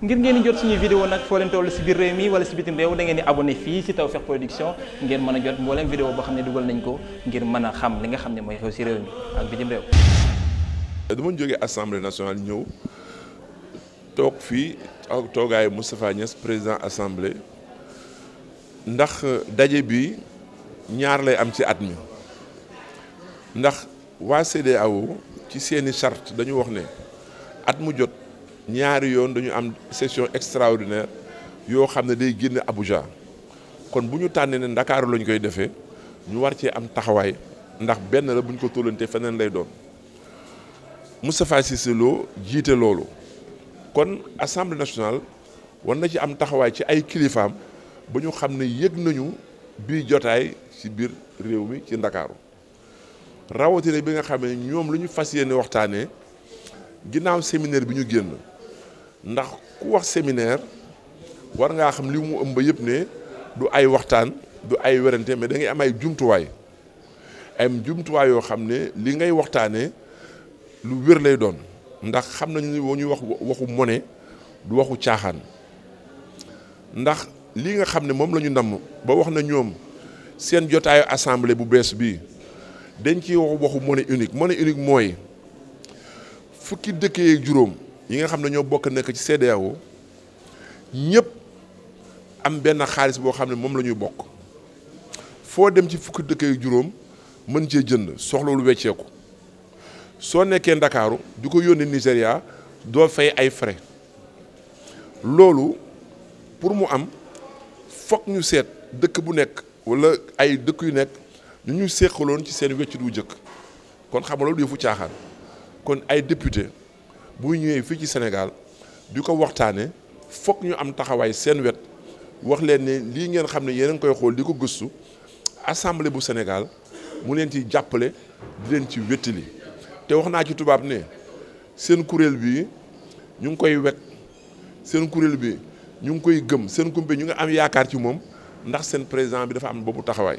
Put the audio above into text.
ngir ngeen di jot suñuy vidéo nag foo leen toll si biir réew mi wala si bitim réew da ngeen di abonné fii si Tawfekh Production ngeen mën a jot mbooleem vidéo boo xam ne dugal nañ ko ngir mën a xam li nga xam ne mooy xew si réew mi ak bitim réew dama jógee assemblée nationale ñëw toog fii ak toogaayu Moustapha Niass président assemblée ndax daje bi ñaar lay am ci at mi ndax waa CEDEAO ci seeni charte dañu wax ne at mu jot ñaari yoon dañu am session extraordinaire yoo xam ne day génn Abuja kon bu ñu tànnee ne Ndakaaru lañ koy defee ñu war cee am taxawaay ndax benn la bu ñu ko tóolantee feneen lay doon Moustapha Cissé Lo jiite loolu kon assemblée nationale war na ci am taxawaay ci ay kilifaam ba ñu xam ne yëg nañu bii jotaay ci biir réew mi ci Ndakaaru rawatina bi nga xamee ñoom lu ñu fas yéene waxtaanee ginnaaw séminaire bi ñu génn. ndax ku wax séminaire war ngaa xam li mu ëmb yëpp ne du ay waxtaan du ay werante mais da am ay jumtuwaay ay jumtuwaay yoo xam ne li ngay waxtaanee lu wér lay doon ndax xam nañu ne ñuy wax waxu mone du waxu caaxaan ndax lii nga xam ne moom lañu ñu namm ba wax na ñoom seen jotaayu assemble bu bees bii dañ ciy wax waxu monnaie unique mone unique mooy fukki dëkk yeeg juróom. yi nga xam ne ñoo bokk nekk ci CEDEAO ñëpp am benn xaalis boo xam ne moom lañuy bokk foo dem ci fukki dëkk yu juróom mën cee jënd soxlawul wecceeku soo nekkee ndakaaru di ko yónnee Nigéria doo fay ay frais loolu pour mu am foog ñu seet dëkk bu nekk wala ay dëkk yu nekk ñu ñu séqaloon ci seen weccit wu jëkk kon xam nga loolu yëfu caaxaan kon ay député bu ñëwee fii ci Sénégal di ko waxtaane foog ñu am taxawaay seen wet wax leen ne lii ngeen xam ne yéen a ngi koy xool di ko gëstu assemblée bu Sénégal mu leen ci jàppale di leen ci li te wax naa ci tubaab ne seen kuréel bi ñu ngi koy wet seen kuréel bi ñu ngi koy gëm seen kumpe ñu ngi am yaakaar ci moom ndax seen président bi dafa am boobu taxawaay